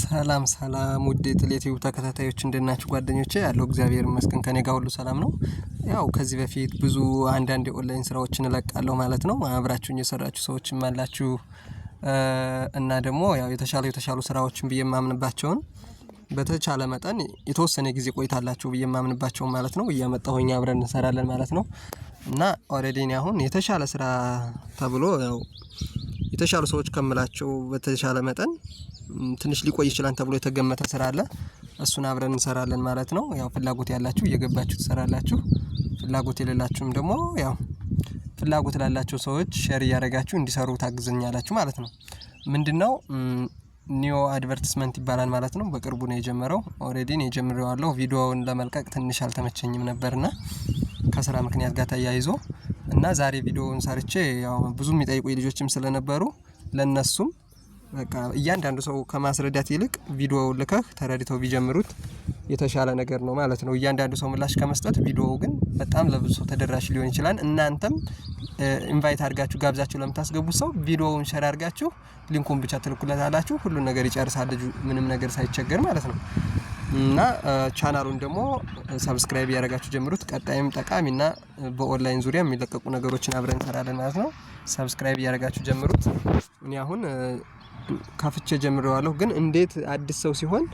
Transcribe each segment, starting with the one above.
ሰላም ሰላም ውድ የዩቲዩብ ተከታታዮች እንደናችሁ ጓደኞች ጓደኞቼ ያለው እግዚአብሔር ይመስገን ከኔ ጋር ሁሉ ሰላም ነው። ያው ከዚህ በፊት ብዙ አንዳንድ የኦንላይን ስራዎችን እለቃለሁ ማለት ነው። አብራችሁኝ የሰራችሁ ሰዎችም አላችሁ እና ደግሞ ያው የተሻለ የተሻሉ ስራዎችን ብዬ የማምንባቸውን በተቻለ መጠን የተወሰነ ጊዜ ቆይታላችሁ ብዬ የማምንባቸውን ማለት ነው እያመጣሁኝ አብረን እንሰራለን ማለት ነው እና ኦልሬዲ እኔ አሁን የተሻለ ስራ ተብሎ ያው የተሻሉ ሰዎች ከምላቸው በተሻለ መጠን ትንሽ ሊቆይ ይችላል ተብሎ የተገመተ ስራ አለ። እሱን አብረን እንሰራለን ማለት ነው። ያው ፍላጎት ያላችሁ እየገባችሁ ትሰራላችሁ። ፍላጎት የሌላችሁም ደግሞ ያው ፍላጎት ላላቸው ሰዎች ሸር እያደረጋችሁ እንዲሰሩ ታግዘኛላችሁ ማለት ነው። ምንድነው ኒዮ አድቨርቲስመንት ይባላል ማለት ነው። በቅርቡ ነው የጀመረው። ኦልሬዲ ነው የጀምረዋለሁ። ቪዲዮውን ለመልቀቅ ትንሽ አልተመቸኝም ነበርና ከስራ ምክንያት ጋር ተያይዞ እና ዛሬ ቪዲዮውን ሰርቼ ያው ብዙ የሚጠይቁ ልጆችም ስለነበሩ ለነሱም በቃ እያንዳንዱ ሰው ከማስረዳት ይልቅ ቪዲዮ ልከህ ተረድተው ቢጀምሩት የተሻለ ነገር ነው ማለት ነው። እያንዳንዱ ሰው ምላሽ ከመስጠት ቪዲዮ ግን በጣም ለብዙ ሰው ተደራሽ ሊሆን ይችላል። እናንተም ኢንቫይት አድርጋችሁ ጋብዛችሁ ለምታስገቡት ሰው ቪዲዮውን ሸር አድርጋችሁ ሊንኩን ብቻ ትልኩለታላችሁ። ሁሉን ነገር ይጨርሳል ልጁ ምንም ነገር ሳይቸገር ማለት ነው። እና ቻናሉን ደግሞ ሰብስክራይብ ያደረጋችሁ ጀምሩት። ቀጣይም ጠቃሚ እና በኦንላይን ዙሪያ የሚለቀቁ ነገሮችን አብረን እንሰራለን ማለት ነው። ሰብስክራይብ ያደረጋችሁ ጀምሩት። እኔ አሁን ከፍቼ ጀምሬዋለሁ። ግን እንዴት አዲስ ሰው ሲሆን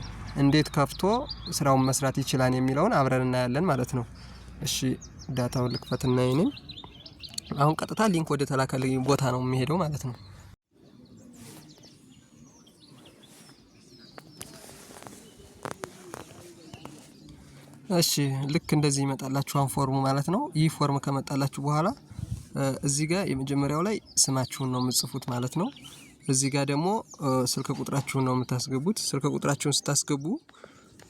እንዴት ከፍቶ ስራውን መስራት ይችላል የሚለውን አብረን እናያለን ማለት ነው። እሺ ዳታውን ልክፈትና ይኔ አሁን ቀጥታ ሊንክ ወደ ተላከልኝ ቦታ ነው የሚሄደው ማለት ነው። እሺ ልክ እንደዚህ አሁን ፎርሙ ማለት ነው። ይህ ፎርም ከመጣላችሁ በኋላ እዚህ ጋር የመጀመሪያው ላይ ስማችሁን ነው የምጽፉት ማለት ነው። እዚህ ጋር ደግሞ ስልክ ቁጥራችሁን ነው የምታስገቡት። ስልክ ቁጥራችሁን ስታስገቡ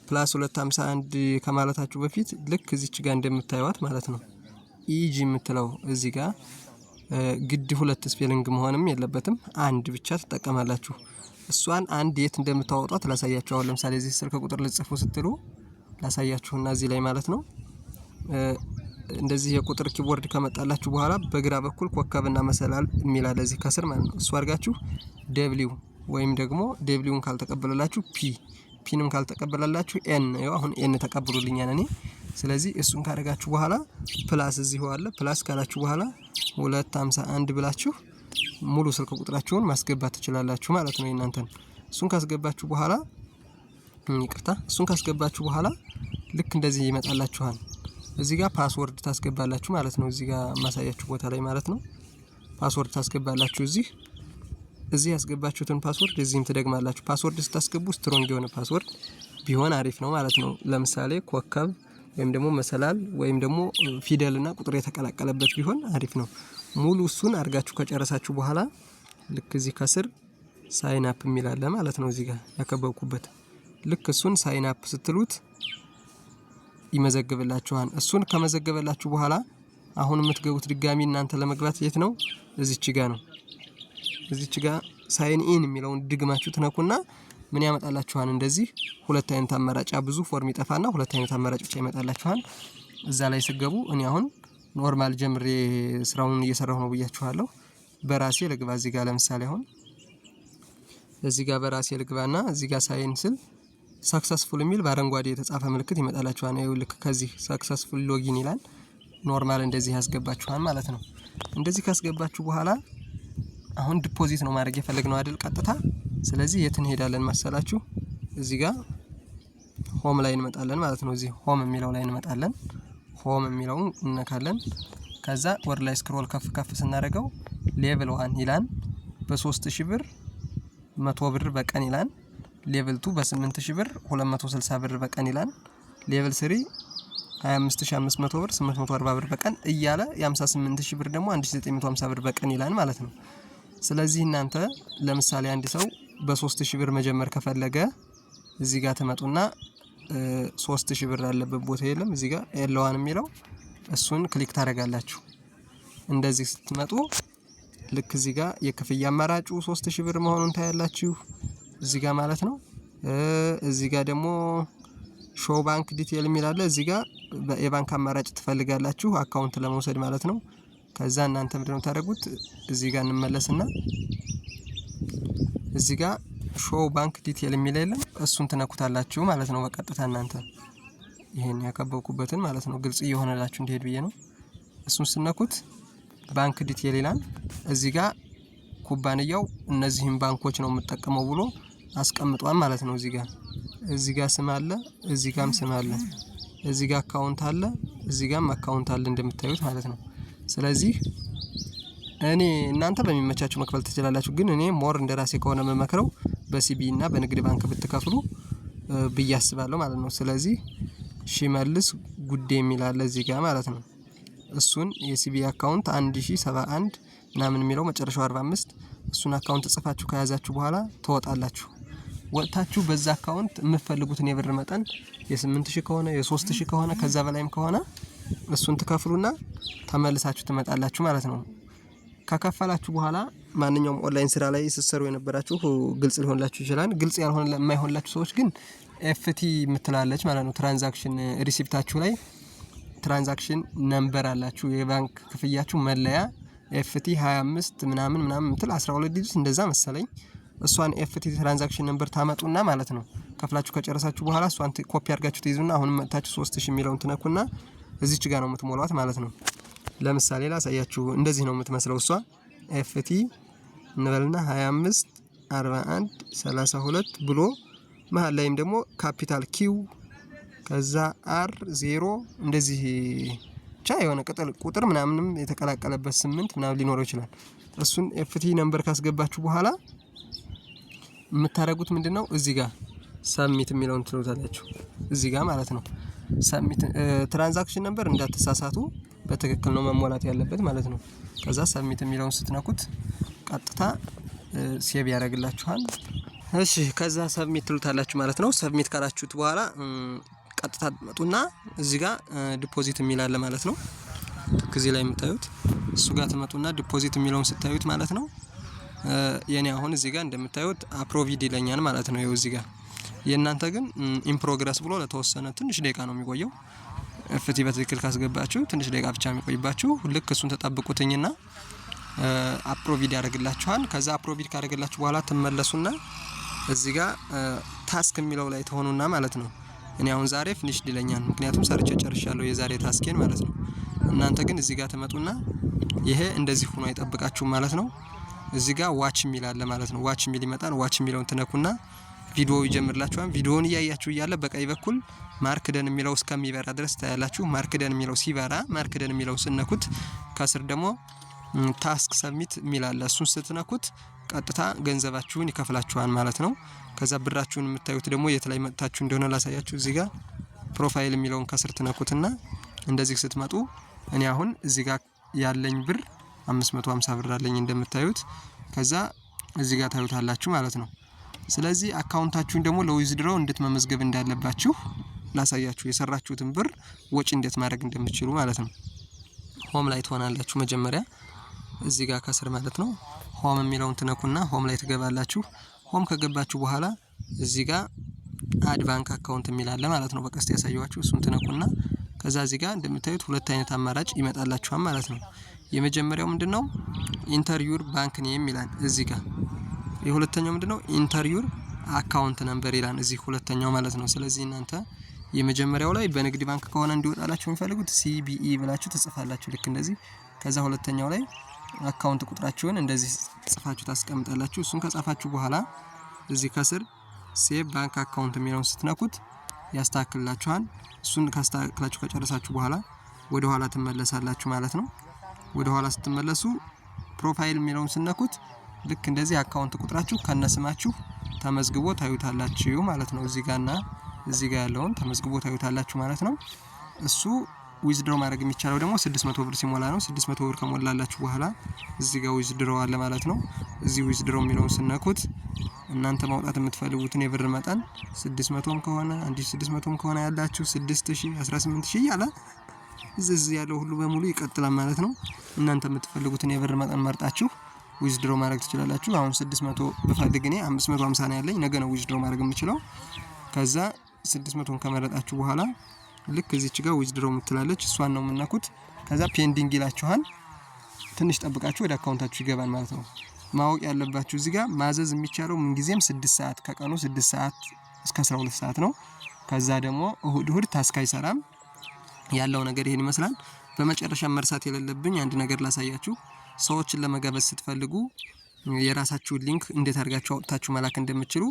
ፕላስ 251 ከማለታችሁ በፊት ልክ እዚች ጋር እንደምታዩት ማለት ነው ኢጂ የምትለው እዚህ ጋር ግድ ሁለት ስፔሊንግ መሆንም የለበትም አንድ ብቻ ትጠቀማላችሁ። እሷን አንድ የት እንደምታወጧት ላሳያችሁ። አሁን ለምሳሌ እዚህ ስልክ ቁጥር ልጽፉ ስትሉ ላሳያችሁና እዚህ ላይ ማለት ነው እንደዚህ የቁጥር ኪቦርድ ከመጣላችሁ በኋላ በግራ በኩል ኮከብና መሰላል የሚል አለ እዚህ ከስር ማለት ነው። እሱ አድርጋችሁ ደብሊው ወይም ደግሞ ደብሊውን ካልተቀበለላችሁ ፒ ፒንም ካልተቀበላላችሁ ኤን ነው። አሁን ኤን ተቀብሉልኛል እኔ። ስለዚህ እሱን ካደረጋችሁ በኋላ ፕላስ እዚህ አለ። ፕላስ ካላችሁ በኋላ አንድ ብላችሁ ሙሉ ስልክ ቁጥራችሁን ማስገባት ትችላላችሁ ማለት ነው እናንተን እሱን ካስገባችሁ በኋላ ይቅርታ፣ እሱን ካስገባችሁ በኋላ ልክ እንደዚህ ይመጣላችኋል። እዚህ ጋር ፓስወርድ ታስገባላችሁ ማለት ነው። እዚህ ጋር ማሳያችሁ ቦታ ላይ ማለት ነው። ፓስወርድ ታስገባላችሁ እዚህ እዚህ ያስገባችሁትን ፓስወርድ እዚህም ትደግማላችሁ። ፓስወርድ ስታስገቡ ስትሮንግ የሆነ ፓስወርድ ቢሆን አሪፍ ነው ማለት ነው። ለምሳሌ ኮከብ ወይም ደግሞ መሰላል ወይም ደግሞ ፊደልና ቁጥር የተቀላቀለበት ቢሆን አሪፍ ነው። ሙሉ እሱን አድርጋችሁ ከጨረሳችሁ በኋላ ልክ እዚህ ከስር ሳይን አፕ የሚላለ ማለት ነው። እዚህ ጋር ያከበብኩበት ልክ እሱን ሳይን አፕ ስትሉት ይመዘግብላችኋል። እሱን ከመዘገበላችሁ በኋላ አሁን የምትገቡት ድጋሚ እናንተ ለመግባት የት ነው? እዚች ጋ ነው። እዚች ጋ ሳይን ኢን የሚለውን ድግማችሁ ትነኩና ምን ያመጣላችኋል? እንደዚህ ሁለት አይነት አማራጫ ብዙ ፎርም ይጠፋና ሁለት አይነት አማራጭ ብቻ ይመጣላችኋል። እዛ ላይ ስገቡ እኔ አሁን ኖርማል ጀምሬ ስራውን እየሰራሁ ነው ብያችኋለሁ። በራሴ ልግባ እዚህ ጋር ለምሳሌ አሁን እዚህ ጋር በራሴ ልግባና እዚህ ጋር ሳይን ስል ሰክሰስፉል የሚል በአረንጓዴ የተጻፈ ምልክት ይመጣላችኋል። ይኸው ልክ ከዚህ ሰክሰስፉል ሎጊን ይላል። ኖርማል እንደዚህ ያስገባችኋል ማለት ነው። እንደዚህ ካስገባችሁ በኋላ አሁን ዲፖዚት ነው ማድረግ የፈለግነው አይደል? ቀጥታ ስለዚህ የት እንሄዳለን መሰላችሁ? እዚህ ጋር ሆም ላይ እንመጣለን ማለት ነው። እዚህ ሆም የሚለው ላይ እንመጣለን። ሆም የሚለውን እነካለን። ከዛ ወደ ላይ ስክሮል ከፍ ከፍ ስናደርገው ሌቭል ዋን ይላን በሶስት ሺህ ብር መቶ ብር በቀን ይላን ሌቭል 2 በ8000 ብር 260 ብር በቀን ይላል። ሌቭል 3 25500 ብር 840 ብር በቀን እያለ የ58000 ብር ደግሞ 1950 ብር በቀን ይላል ማለት ነው። ስለዚህ እናንተ ለምሳሌ አንድ ሰው በ3000 ብር መጀመር ከፈለገ እዚህ ጋር ተመጡና 3000 ብር ያለበት ቦታ የለም እዚህ ጋር ኤልዋን የሚለው እሱን ክሊክ ታደርጋላችሁ። እንደዚህ ስትመጡ ልክ እዚህ ጋር የክፍያ አማራጩ 3000 ብር መሆኑን ታያላችሁ። እዚህ ጋር ማለት ነው። እዚህ ጋር ደግሞ ሾው ባንክ ዲቴል የሚል አለ። እዚህ ጋር የባንክ አማራጭ ትፈልጋላችሁ አካውንት ለመውሰድ ማለት ነው። ከዛ እናንተ ነው የምታደርጉት? እዚህ ጋር እንመለስና እዚህ ጋር ሾው ባንክ ዲቴል የሚል የለም፣ እሱን ትነኩታላችሁ ማለት ነው። በቀጥታ እናንተ ይሄን ያከበብኩበትን ማለት ነው፣ ግልጽ እየሆነላችሁ እንዲሄድ ብዬ ነው። እሱን ስነኩት ባንክ ዲቴል ይላል። እዚህ ጋር ኩባንያው እነዚህም ባንኮች ነው የምጠቀመው ብሎ አስቀምጧል ማለት ነው። እዚህ ጋር እዚህ ጋር ስም አለ፣ እዚህ ጋርም ስም አለ፣ እዚህ ጋር አካውንት አለ፣ እዚህ ጋርም አካውንት አለ እንደምታዩት ማለት ነው። ስለዚህ እኔ እናንተ በሚመቻችሁ መክፈል ትችላላችሁ፣ ግን እኔ ሞር እንደ ራሴ ከሆነ መመክረው በሲቢ እና በንግድ ባንክ ብትከፍሉ ብዬ አስባለሁ ማለት ነው። ስለዚህ ሺመልስ ጉዴ የሚል አለ እዚህ ጋር ማለት ነው። እሱን የሲቢ አካውንት 1071 ምናምን የሚለው መጨረሻው 45 እሱን አካውንት ጽፋችሁ ከያዛችሁ በኋላ ትወጣላችሁ። ወጥታችሁ በዛ አካውንት የምትፈልጉትን የብር መጠን የስምንት ሺህ ከሆነ የሶስት ሺህ ከሆነ ከዛ በላይም ከሆነ እሱን ትከፍሉና ተመልሳችሁ ትመጣላችሁ ማለት ነው። ከከፈላችሁ በኋላ ማንኛውም ኦንላይን ስራ ላይ ስትሰሩ የነበራችሁ ግልጽ ሊሆንላችሁ ይችላል። ግልጽ ያልሆነ የማይሆንላችሁ ሰዎች ግን ኤፍቲ የምትላለች ማለት ነው። ትራንዛክሽን ሪሲፕታችሁ ላይ ትራንዛክሽን ነምበር አላችሁ። የባንክ ክፍያችሁ መለያ ኤፍቲ 25 ምናምን ምናምን ምትል 12 ዲጂት እንደዛ መሰለኝ እሷን ኤፍቲ ትራንዛክሽን ነምበር ታመጡና ማለት ነው ከፍላችሁ ከጨረሳችሁ በኋላ እሷን ኮፒ አድርጋችሁ ትይዙና አሁንም መጥታችሁ 3000 ሺ የሚለውን ትነኩና እዚች ጋር ነው የምትሞሏት ማለት ነው። ለምሳሌ ላሳያችሁ። እንደዚህ ነው የምትመስለው እሷ ኤፍቲ እንበልና 25 41 32 ብሎ መሀል ላይም ደግሞ ካፒታል ኪው ከዛ አር ዜሮ እንደዚህ ብቻ የሆነ ቅጥል ቁጥር ምናምንም የተቀላቀለበት ስምንት ምናምን ሊኖረው ይችላል። እሱን ኤፍቲ ነምበር ካስገባችሁ በኋላ የምታደርጉት ምንድን ነው? እዚህ ጋር ሰሚት የሚለውን ትሉታላችሁ። እዚህ ጋር ማለት ነው። ሰሚት ትራንዛክሽን ነበር እንዳትሳሳቱ፣ በትክክል ነው መሞላት ያለበት ማለት ነው። ከዛ ሰሚት የሚለውን ስትነኩት ቀጥታ ሴብ ያደርግላችኋል። እሺ ከዛ ሰብሚት ትሉታላችሁ ማለት ነው። ሰብሚት ካላችሁት በኋላ ቀጥታ ትመጡና እዚህ ጋር ዲፖዚት የሚላለ ማለት ነው። ከዚህ ላይ የምታዩት እሱ ጋር ትመጡና ዲፖዚት የሚለውን ስታዩት ማለት ነው የኔ አሁን እዚህ ጋር እንደምታዩት አፕሮቪድ ይለኛል ማለት ነው። ይኸው እዚህ ጋር የእናንተ ግን ኢምፕሮግረስ ብሎ ለተወሰነ ትንሽ ደቂቃ ነው የሚቆየው። ፍቲ በትክክል ካስገባችሁ ትንሽ ደቂቃ ብቻ የሚቆይባችሁ። ልክ እሱን ተጠብቁትኝና አፕሮቪድ ያደርግላችኋል። ከዛ አፕሮቪድ ካደረግላችሁ በኋላ ትመለሱና እዚህ ጋር ታስክ የሚለው ላይ ተሆኑና ማለት ነው። እኔ አሁን ዛሬ ፊኒሽድ ይለኛል፣ ምክንያቱም ሰርቼ ጨርሻለሁ የዛሬ ታስኬን ማለት ነው። እናንተ ግን እዚህ ጋር ትመጡና ይሄ እንደዚህ ሆኖ አይጠብቃችሁም ማለት ነው። እዚህ ጋር ዋች የሚል አለ ማለት ነው። ዋች የሚል ይመጣል። ዋች የሚለውን ትነኩና ቪዲዮ ይጀምርላችኋል። ቪዲዮውን እያያችሁ እያለ በቀኝ በኩል ማርክደን የሚለው እስከሚበራ ድረስ ታያላችሁ። ማርክደን የሚለው ሲበራ ማርክደን የሚለው ስነኩት ከስር ደግሞ ታስክ ሰብሚት የሚል አለ። እሱን ስትነኩት ቀጥታ ገንዘባችሁን ይከፍላችኋል ማለት ነው። ከዛ ብራችሁን የምታዩት ደግሞ የት ላይ መጥታችሁ እንደሆነ ላሳያችሁ። እዚህ ጋር ፕሮፋይል የሚለውን ከስር ትነኩትና እንደዚህ ስትመጡ እኔ አሁን እዚህ ጋር ያለኝ ብር 550 ብር አለኝ እንደምታዩት። ከዛ እዚህ ጋር ታዩታላችሁ ማለት ነው። ስለዚህ አካውንታችሁን ደግሞ ለዊዝድሮው እንዴት መመዝገብ እንዳለባችሁ ላሳያችሁ። የሰራችሁትን ብር ወጪ እንዴት ማድረግ እንደምትችሉ ማለት ነው። ሆም ላይ ትሆናላችሁ መጀመሪያ እዚህ ጋር ከስር ማለት ነው። ሆም የሚለውን ትነኩና ሆም ላይ ትገባላችሁ። ሆም ከገባችሁ በኋላ እዚህ ጋር አድ ባንክ አካውንት የሚላለ ማለት ነው። በቀስት ያሳየዋችሁ እሱን ትነኩና ከዛ እዚህ ጋር እንደምታዩት ሁለት አይነት አማራጭ ይመጣላችኋል ማለት ነው። የመጀመሪያው ምንድነው? ኢንተርዩር ባንክ ኔም ይላል እዚህ ጋር። የሁለተኛው ምንድነው? ኢንተርዩር አካውንት ነምበር ይላል እዚህ ሁለተኛው ማለት ነው። ስለዚህ እናንተ የመጀመሪያው ላይ በንግድ ባንክ ከሆነ እንዲወጣላችሁ የሚፈልጉት ሲቢኢ ብላችሁ ትጽፋላችሁ፣ ልክ እንደዚህ። ከዛ ሁለተኛው ላይ አካውንት ቁጥራችሁን እንደዚህ ጽፋችሁ ታስቀምጣላችሁ። እሱን ከጻፋችሁ በኋላ እዚህ ከስር ሴቭ ባንክ አካውንት የሚለውን ስትነኩት ያስተካክልላችኋል። እሱን ካስተካክላችሁ ከጨረሳችሁ በኋላ ወደ ኋላ ትመለሳላችሁ ማለት ነው። ወደ ኋላ ስትመለሱ ፕሮፋይል የሚለውን ስነኩት ልክ እንደዚህ አካውንት ቁጥራችሁ ከነስማችሁ ተመዝግቦ ታዩታላችሁ ማለት ነው። እዚህ ጋርና እዚህ ጋር ያለውን ተመዝግቦ ታዩታላችሁ ማለት ነው። እሱ ዊዝድሮ ማድረግ የሚቻለው ደግሞ 600 ብር ሲሞላ ነው። 600 ብር ከሞላላችሁ በኋላ እዚህ ጋር ዊዝድሮ አለ ማለት ነው። እዚህ ዊዝድሮ የሚለውን ስነኩት እናንተ ማውጣት የምትፈልጉትን የብር መጠን 600ም ከሆነ 1600ም ከሆነ ያላችሁ 6000፣ 18000 እያለ እዚህ ያለው ሁሉ በሙሉ ይቀጥላል ማለት ነው። እናንተ የምትፈልጉትን የብር መጠን መርጣችሁ ዊዝድሮ ማድረግ ትችላላችሁ። አሁን 600 ብፈልግ እኔ 550 ነው ያለኝ፣ ነገ ነው ዊዝድሮ ማድረግ የምችለው። ከዛ 600ን ከመረጣችሁ በኋላ ልክ እዚች ጋር ዊዝድሮ የምትላለች እሷን ነው የምናኩት። ከዛ ፔንዲንግ ይላችኋል። ትንሽ ጠብቃችሁ ወደ አካውንታችሁ ይገባል ማለት ነው። ማወቅ ያለባችሁ እዚህ ጋር ማዘዝ የሚቻለው ምንጊዜም 6 ሰዓት ከቀኑ 6 ሰዓት እስከ 12 ሰዓት ነው። ከዛ ደግሞ እሁድ እሁድ ታስክ አይሰራም። ያለው ነገር ይሄን ይመስላል። በመጨረሻ መርሳት የሌለብኝ አንድ ነገር ላሳያችሁ። ሰዎችን ለመጋበዝ ስትፈልጉ የራሳችሁን ሊንክ እንዴት አድርጋችሁ አውጥታችሁ መላክ እንደምትችሉ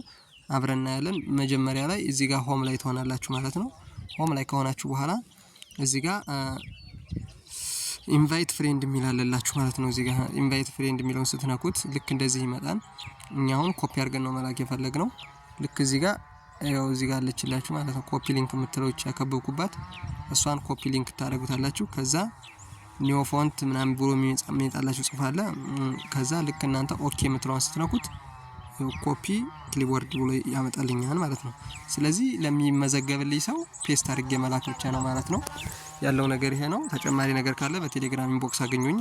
አብረን እናያለን። መጀመሪያ ላይ እዚህ ጋር ሆም ላይ ትሆናላችሁ ማለት ነው። ሆም ላይ ከሆናችሁ በኋላ እዚህ ጋር ኢንቫይት ፍሬንድ የሚላለላችሁ ማለት ነው። እዚህ ጋር ኢንቫይት ፍሬንድ የሚለውን ስትነኩት ልክ እንደዚህ ይመጣል። እኛ አሁን ኮፒ አድርገን ነው መላክ የፈለግ ነው። ልክ እዚህ ጋር ያው እዚህ ጋር አለችላችሁ ማለት ነው። ኮፒ ሊንክ የምትለው ያከበብኩባት እሷን ኮፒ ሊንክ ታደርጉታላችሁ። ከዛ ኒው ፎንት ምናምን ብሎ የሚመጣላችሁ ጽሁፍ አለ። ከዛ ልክ እናንተ ኦኬ የምትለውን ስትነኩት ኮፒ ክሊቦርድ ብሎ ያመጣልኛል ማለት ነው። ስለዚህ ለሚመዘገብልኝ ሰው ፔስት አድርጌ መላክ ብቻ ነው ማለት ነው። ያለው ነገር ይሄ ነው። ተጨማሪ ነገር ካለ በቴሌግራም ኢንቦክስ አገኙኝ።